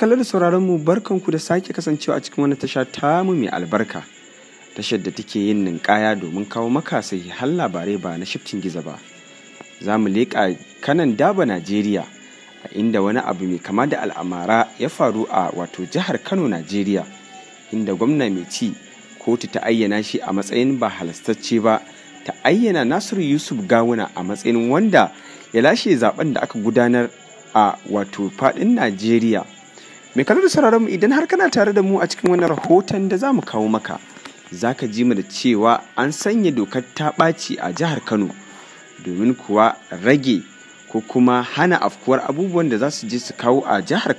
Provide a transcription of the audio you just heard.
kallar da sauraron mu barkanku da sake kasancewa a cikin wani tasha ta mu mai albarka. Tashar da take yin ninkaya domin kawo maka sai har labarai ba na shifcin giza ba. Za mu leƙa kanan daba Najeriya a inda wani abu mai kama da al'amara ya faru a wato jihar Kano Najeriya inda gwamna mai ci kotu ta ayyana shi a matsayin ba halastacce ba ta ayyana Nasiru Yusuf Gawuna a matsayin wanda ya lashe zaben da aka gudanar a wato faɗin Najeriya. mai kallon da sauraron mu idan har kana tare da mu a cikin wannan rahoton da za mu kawo maka zaka ji mu da cewa an sanya dokar ta ɓaci a jihar kano domin kuwa rage ko kuma hana afkuwar abubuwan da za su je su kawo a jihar kano